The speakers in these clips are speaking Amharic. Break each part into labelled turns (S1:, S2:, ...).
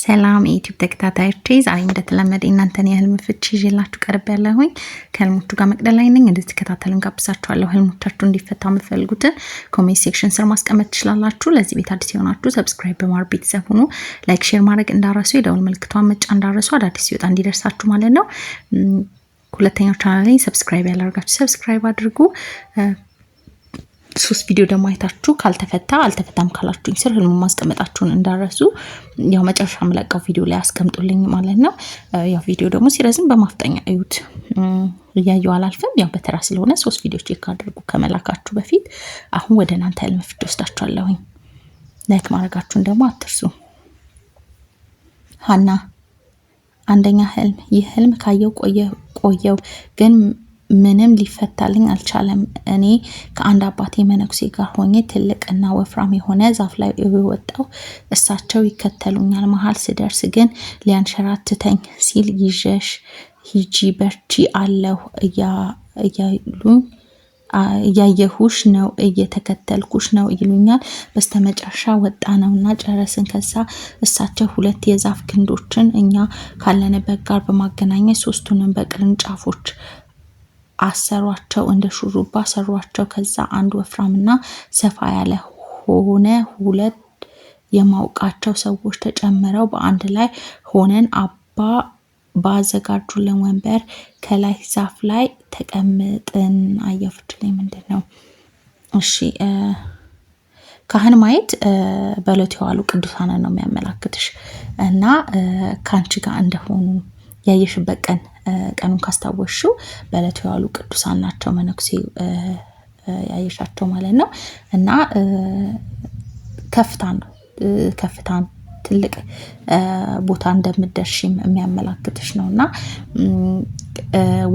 S1: ሰላም የዩቲዩብ ተከታታዮቼ ዛሬ እንደተለመደ እናንተን የህልም ፍቺ ይዤላችሁ ቀርብ ያለሁኝ ከህልሞቹ ጋር መቅደል ላይ ነኝ። እንድትከታተሉን ጋብዛችኋለሁ። ህልሞቻችሁ እንዲፈታ የምትፈልጉትን ኮሜንት ሴክሽን ስር ማስቀመጥ ትችላላችሁ። ለዚህ ቤት አዲስ የሆናችሁ ሰብስክራይብ በማድረግ ቤተሰብ ሁኑ። ላይክ፣ ሼር ማድረግ እንዳረሱ፣ የደውል ምልክቷን መጫ እንዳረሱ፣ አዳዲስ ሲወጣ እንዲደርሳችሁ ማለት ነው። ሁለተኛው ቻናል ላይ ሰብስክራይብ ያላደርጋችሁ ሰብስክራይብ አድርጉ። ሶስት ቪዲዮ ደግሞ አይታችሁ ካልተፈታ አልተፈታም ካላችሁኝ ስር ህልሙ ማስቀመጣችሁን እንዳረሱ ያው መጨረሻ የምለቀው ቪዲዮ ላይ አስቀምጡልኝ ማለት ነው። ያው ቪዲዮ ደግሞ ሲረዝም በማፍጠኛ እዩት። እያየው አላልፍም። ያው በተራ ስለሆነ ሶስት ቪዲዮ ቼክ አድርጉ ከመላካችሁ በፊት። አሁን ወደ እናንተ ህልም ፍድ ወስዳችኋለሁኝ። ላይክ ማድረጋችሁን ደግሞ አትርሱ። ሀና አንደኛ ህልም። ይህ ህልም ካየው ቆየው፣ ግን ምንም ሊፈታልኝ አልቻለም። እኔ ከአንድ አባቴ መነኩሴ ጋር ሆኜ ትልቅና ወፍራም የሆነ ዛፍ ላይ የወጣው እሳቸው ይከተሉኛል። መሀል ስደርስ ግን ሊያንሸራትተኝ ሲል ይዤሽ ሂጂ በርቺ አለሁ እያሉ እያየሁሽ ነው እየተከተልኩሽ ነው ይሉኛል። በስተመጨረሻ ወጣ እና ጨረስን። ከዛ እሳቸው ሁለት የዛፍ ግንዶችን እኛ ካለንበት ጋር በማገናኘት ሶስቱንም በቅርንጫፎች አሰሯቸው፣ እንደ ሹሩባ ሰሯቸው። ከዛ አንድ ወፍራምና ሰፋ ያለ ሆነ ሁለት የማውቃቸው ሰዎች ተጨምረው በአንድ ላይ ሆነን አባ ባዘጋጁልን ወንበር ከላይ ዛፍ ላይ ተቀምጥን። አየሁ ላይ ምንድን ነው? እሺ ካህን ማየት በሎት የዋሉ ቅዱሳንን ነው የሚያመላክትሽ እና ከአንቺ ጋር እንደሆኑ ያየሽበት ቀን ቀኑን ካስታወሽው በዕለቱ የዋሉ ቅዱሳን ናቸው። መነኩሴ ያየሻቸው ማለት ነው እና ከፍታን ከፍታን ትልቅ ቦታ እንደምደርሽም የሚያመላክትሽ ነው እና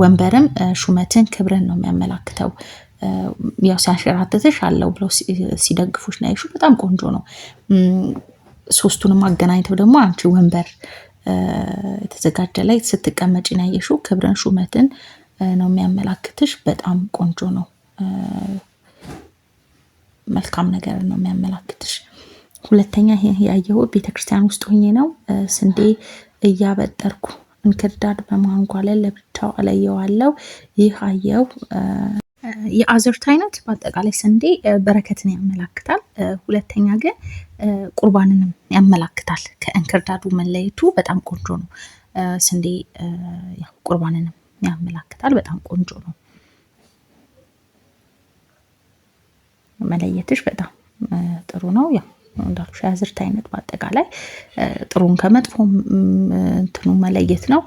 S1: ወንበርም ሹመትን ክብርን ነው የሚያመላክተው። ያው ሲያንሸራትትሽ አለው ብለው ሲደግፉሽ ነው ያየሽው። በጣም ቆንጆ ነው። ሶስቱንም አገናኝተው ደግሞ አንቺ ወንበር የተዘጋጀ ላይ ስትቀመጭ ያየሽው ክብርን ሹመትን ነው የሚያመላክትሽ። በጣም ቆንጆ ነው። መልካም ነገር ነው የሚያመላክትሽ። ሁለተኛ ይህ ያየው ቤተክርስቲያን ውስጥ ሆኜ ነው። ስንዴ እያበጠርኩ እንክርዳድ በማንጓለል ለብቻው አለየዋለው። ይህ አየው የአዝርት አይነት በአጠቃላይ ስንዴ በረከትን ያመላክታል። ሁለተኛ ግን ቁርባንንም ያመላክታል። ከእንክርዳዱ መለየቱ በጣም ቆንጆ ነው። ስንዴ ቁርባንንም ያመላክታል። በጣም ቆንጆ ነው። መለየትሽ በጣም ጥሩ ነው። ያው እንዳልኩሽ የአዝርት አይነት በአጠቃላይ ጥሩን ከመጥፎ እንትኑ መለየት ነው።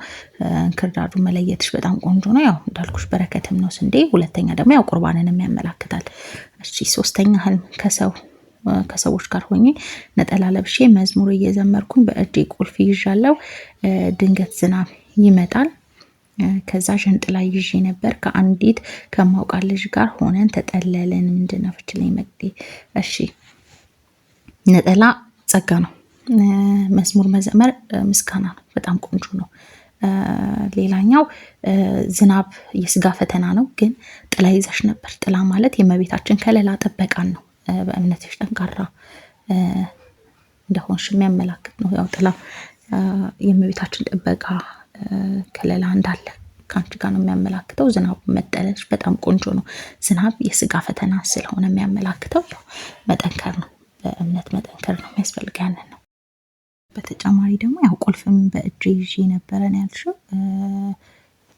S1: እንክርዳዱ መለየትሽ በጣም ቆንጆ ነው። ያው እንዳልኩሽ በረከትም ነው ስንዴ። ሁለተኛ ደግሞ ያው ቁርባንንም ያመላክታል። እሺ ሶስተኛ ህልም ከሰው ከሰዎች ጋር ሆኜ ነጠላ ለብሼ መዝሙር እየዘመርኩኝ በእጄ ቁልፍ ይዣለው። ድንገት ዝናብ ይመጣል። ከዛ ሸንጥላ ይዤ ነበር። ከአንዲት ከማውቃ ልጅ ጋር ሆነን ተጠለልን። ምንድን ነው ፍችለኝ መቅዴ እሺ ነጠላ ጸጋ ነው። መዝሙር መዘመር ምስጋና ነው። በጣም ቆንጆ ነው። ሌላኛው ዝናብ የስጋ ፈተና ነው፣ ግን ጥላ ይዘሽ ነበር። ጥላ ማለት የእመቤታችን ከለላ ጠበቃን ነው። በእምነትሽ ጠንካራ እንደሆንሽ የሚያመላክት ነው። ያው ጥላ የእመቤታችን ጥበቃ ከለላ እንዳለ ከአንቺ ጋር ነው የሚያመላክተው። ዝናቡ መጠለሽ በጣም ቆንጆ ነው። ዝናብ የስጋ ፈተና ስለሆነ የሚያመላክተው ያው መጠንከር ነው። በእምነት መጠንከር ነው የሚያስፈልግ። ነው። በተጨማሪ ደግሞ ያው ቁልፍም በእጅ ይዤ ነበረን ያልሽው፣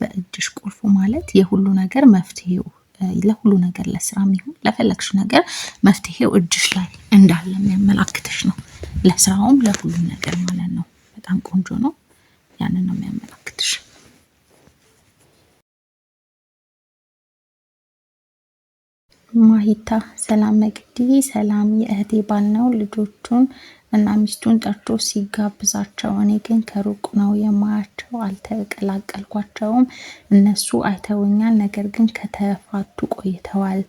S1: በእጅሽ ቁልፉ ማለት የሁሉ ነገር መፍትሄው ለሁሉ ነገር ለስራ ይሁን ለፈለግሽ ነገር መፍትሄው እጅሽ ላይ እንዳለ የሚያመላክትሽ ነው። ለስራውም ለሁሉም ነገር ማለት ነው። በጣም ቆንጆ ነው። ያንን ነው የሚያመላክትሽ። ማሂታ ሰላም መቅዲ ሰላም የእህቴ ባል ነው። ልጆቹን እና ሚስቱን ጠርቶ ሲጋብዛቸው እኔ ግን ከሩቅ ነው የማያቸው፣ አልተቀላቀልኳቸውም። እነሱ አይተውኛል፣ ነገር ግን ከተፋቱ ቆይተዋል።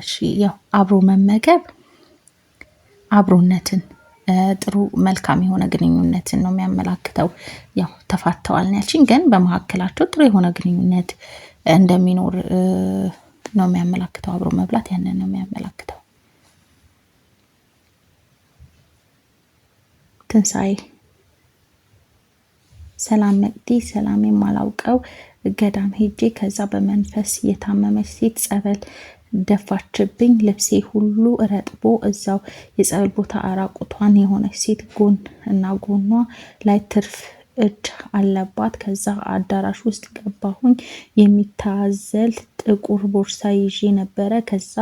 S1: እሺ ያው አብሮ መመገብ አብሮነትን ጥሩ መልካም የሆነ ግንኙነትን ነው የሚያመላክተው። ያው ተፋተዋል ያልሽኝ፣ ግን በመካከላቸው ጥሩ የሆነ ግንኙነት እንደሚኖር ነው የሚያመላክተው። አብሮ መብላት ያንን ነው የሚያመላክተው። ትንሣኤ ሰላም መቅዲ ሰላም የማላውቀው ገዳም ሄጄ ከዛ በመንፈስ የታመመች ሴት ጸበል ደፋችብኝ። ልብሴ ሁሉ ረጥቦ እዛው የጸበል ቦታ አራቁቷን የሆነች ሴት ጎን እና ጎኗ ላይ ትርፍ እጅ አለባት። ከዛ አዳራሽ ውስጥ ገባሁኝ። የሚታዘል ጥቁር ቦርሳ ይዤ ነበረ። ከዛ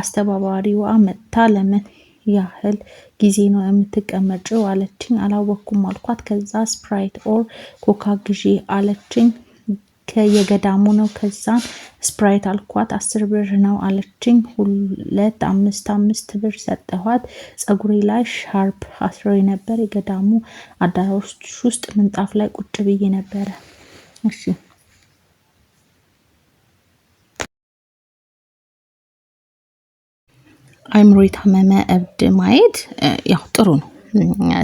S1: አስተባባሪዋ መጥታ ለምን ያህል ጊዜ ነው የምትቀመጭው አለችኝ። አላወኩም አልኳት። ከዛ ስፕራይት ኦር ኮካ ግዢ አለችኝ። ከየገዳሙ ነው። ከዛን ስፕራይት አልኳት አስር ብር ነው አለችኝ። ሁለት አምስት አምስት ብር ሰጠኋት። ፀጉሬ ላይ ሻርፕ አስረው ነበር። የገዳሙ አዳራሽ ውስጥ ምንጣፍ ላይ ቁጭ ብዬ ነበረ። እሺ አይምሮ የታመመ እብድ ማየት ያው ጥሩ ነው።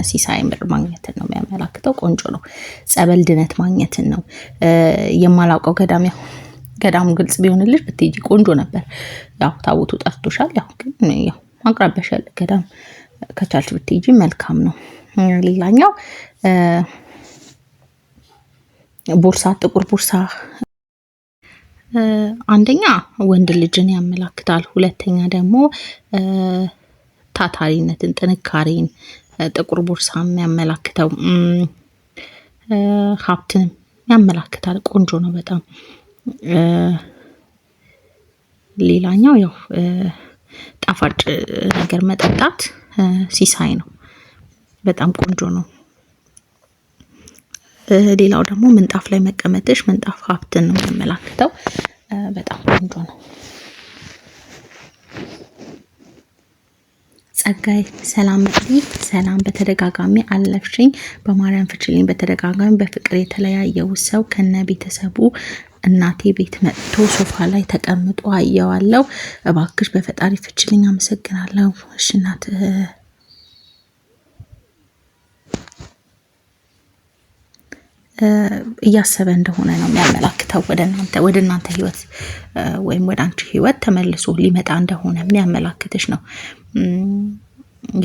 S1: ሲሳይ ምድር ማግኘትን ነው የሚያመላክተው። ቆንጆ ነው። ጸበል ድነት ማግኘትን ነው። የማላውቀው ገዳም ያው ገዳሙ ግልጽ ቢሆንልሽ ብትሄጂ ቆንጆ ነበር። ያው ታቦቱ ጠፍቶሻል። ያው ግን ያው አቅራቢያሽ ያለ ገዳም ከቻልሽ ብትሄጂ መልካም ነው። ሌላኛው ቦርሳ፣ ጥቁር ቦርሳ አንደኛ ወንድ ልጅን ያመላክታል። ሁለተኛ ደግሞ ታታሪነትን፣ ጥንካሬን ጥቁር ቦርሳ የሚያመላክተው ሀብትን ያመላክታል። ቆንጆ ነው በጣም። ሌላኛው ያው ጣፋጭ ነገር መጠጣት ሲሳይ ነው። በጣም ቆንጆ ነው። ሌላው ደግሞ ምንጣፍ ላይ መቀመጥሽ ምንጣፍ ሀብትን ነው የሚያመላክተው። በጣም ቆንጆ ነው። አገልጋይ ሰላም መቅዲ ሰላም በተደጋጋሚ አለፍሽኝ በማርያም ፍችልኝ በተደጋጋሚ በፍቅር የተለያየው ሰው ከነ ቤተሰቡ እናቴ ቤት መጥቶ ሶፋ ላይ ተቀምጦ አየዋለው። እባክሽ በፈጣሪ ፍችልኝ። አመሰግናለሁ። እሺ እናት እያሰበ እንደሆነ ነው የሚያመላክተው። ወደ እናንተ ወደ እናንተ ህይወት ወይም ወደ አንቺ ህይወት ተመልሶ ሊመጣ እንደሆነ የሚያመላክትሽ ነው።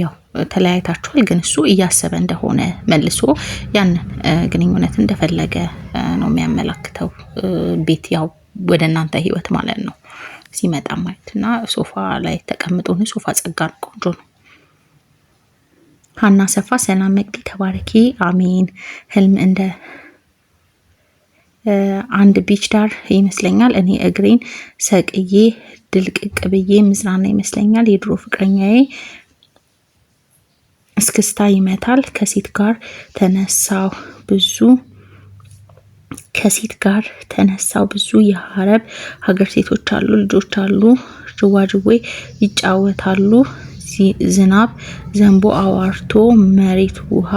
S1: ያው ተለያይታችኋል፣ ግን እሱ እያሰበ እንደሆነ መልሶ ያንን ግንኙነት እንደፈለገ ነው የሚያመላክተው። ቤት ያው ወደ እናንተ ህይወት ማለት ነው ሲመጣ ማየት እና ሶፋ ላይ ተቀምጦ ሶፋ ጸጋ ነው፣ ቆንጆ ነው። ሀና ሰፋ ሰላም መቅዲ ተባረኪ፣ አሜን። ህልም እንደ አንድ ቢች ዳር ይመስለኛል። እኔ እግሬን ሰቅዬ ድልቅቅ ብዬ ምዝናና ይመስለኛል። የድሮ ፍቅረኛዬ እስክስታ ይመታል። ከሴት ጋር ተነሳው ብዙ ከሴት ጋር ተነሳው ብዙ የሀረብ ሀገር ሴቶች አሉ፣ ልጆች አሉ፣ ጅዋጅዌ ይጫወታሉ። ዝናብ ዘንቦ አዋርቶ መሬት ውሃ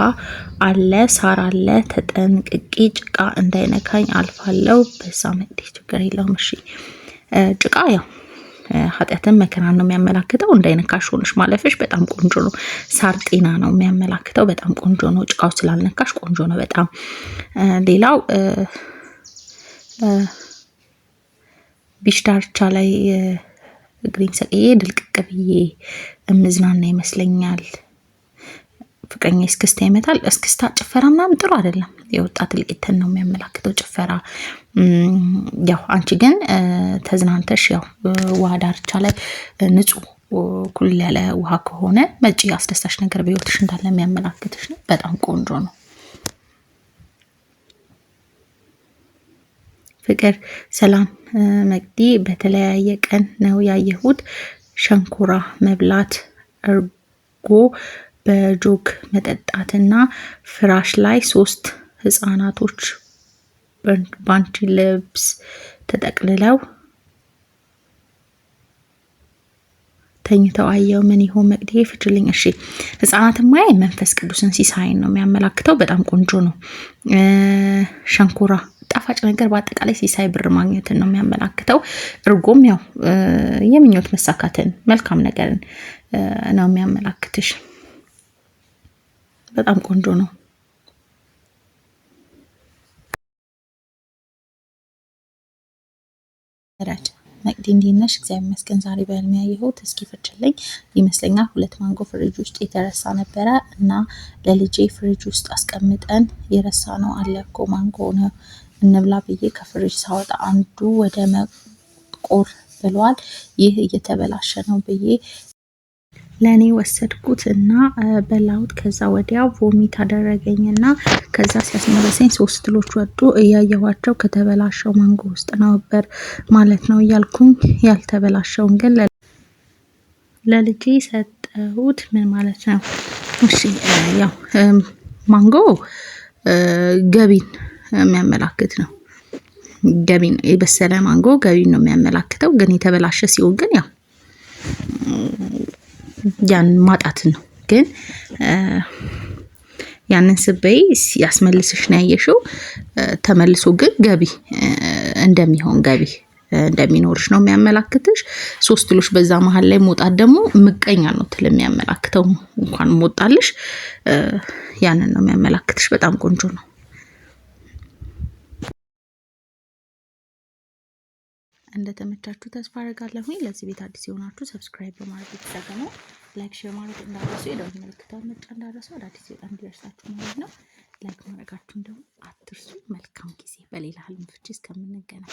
S1: አለ፣ ሳር አለ። ተጠንቅቄ ጭቃ እንዳይነካኝ አልፋለው። በዛ መዴ ችግር የለውም። እሺ ጭቃ ያው ኃጢአትን መከራን ነው የሚያመላክተው። እንዳይነካሽ ሆንሽ ማለፍሽ በጣም ቆንጆ ነው። ሳር ጤና ነው የሚያመላክተው። በጣም ቆንጆ ነው። ጭቃው ስላልነካሽ ቆንጆ ነው በጣም ሌላው ቢሽ ዳርቻ ላይ እግሬን ሰቅዬ ድልቅቅ ብዬ እምዝናና ይመስለኛል። ፍቅረኛ እስክስታ ይመታል። እስክስታ ጭፈራ ምናምን ጥሩ አይደለም። የወጣት እልቂትን ነው የሚያመላክተው ጭፈራ። ያው አንቺ ግን ተዝናንተሽ ያው ውሃ ዳርቻ ላይ ንጹህ ኩል ያለ ውሃ ከሆነ መጪ አስደሳች ነገር በህይወትሽ እንዳለ የሚያመላክትሽ ነው። በጣም ቆንጆ ነው። ፍቅር ሰላም መቅዲ፣ በተለያየ ቀን ነው ያየሁት። ሸንኮራ መብላት እርጎ በጆግ መጠጣትና ፍራሽ ላይ ሶስት ህጻናቶች ባንቺ ልብስ ተጠቅልለው ተኝተው አየው። ምን ይሆን መቅዴ ፍችልኝ። እሺ ህጻናትን ማየ መንፈስ ቅዱስን ሲሳይን ነው የሚያመላክተው። በጣም ቆንጆ ነው። ሸንኮራ ጣፋጭ ነገር በአጠቃላይ ሲሳይ ብር ማግኘትን ነው የሚያመላክተው። እርጎም ያው የምኞት መሳካትን መልካም ነገርን ነው የሚያመላክትሽ። በጣም ቆንጆ ነው። ራችን መቅዲ እንዴት ነሽ? እግዚአብሔር ይመስገን። ዛሬ በህልሜ ያየሁት እስኪ ፍችልኝ ይመስለኛል ሁለት ማንጎ ፍሪጅ ውስጥ የተረሳ ነበረ እና ለልጄ ፍሪጅ ውስጥ አስቀምጠን የረሳ ነው አለ እኮ ማንጎ ነው እንብላ ብዬ ከፍሪጅ ሳወጣ አንዱ ወደ መቆር ብሏል። ይህ እየተበላሸ ነው ብዬ ለእኔ ወሰድኩት እና በላሁት። ከዛ ወዲያ ቮሚት አደረገኝ እና ከዛ ሲያስመለሰኝ ሶስት ትሎች ወጡ። እያየኋቸው ከተበላሸው ማንጎ ውስጥ ነበር ማለት ነው እያልኩኝ ያልተበላሸውን ግን ለልጄ ሰጠሁት። ምን ማለት ነው? እሺ ያው ማንጎ ገቢን የሚያመላክት ነው። ገቢን የበሰለ ማንጎ ገቢን ነው የሚያመላክተው። ግን የተበላሸ ሲሆን ግን ያው ያን ማጣት ነው። ግን ያንን ስበይ ያስመልስሽ ነው ያየሽው። ተመልሶ ግን ገቢ እንደሚሆን ገቢ እንደሚኖርሽ ነው የሚያመላክትሽ። ሶስት ሎች በዛ መሀል ላይ መውጣት ደግሞ ምቀኛ ነው ትል የሚያመላክተው እንኳን ሞጣልሽ ያንን ነው የሚያመላክትሽ። በጣም ቆንጆ ነው። እንደተመቻችሁ ተስፋ አደርጋለሁኝ። ለዚህ ቤት አዲስ የሆናችሁ ሰብስክራይብ በማድረግ የተጠቀሙ ላይክ፣ ሼር ማድረግ እንዳረሱ የደወል ምልክቷን ምርጫ እንዳረሱ አዳዲስ በጣም እንዲደርሳችሁ ማለት ነው። ላይክ ማድረጋችሁን ደግሞ አትርሱ። መልካም ጊዜ። በሌላ ህልም ፍቺ እስከምንገናኝ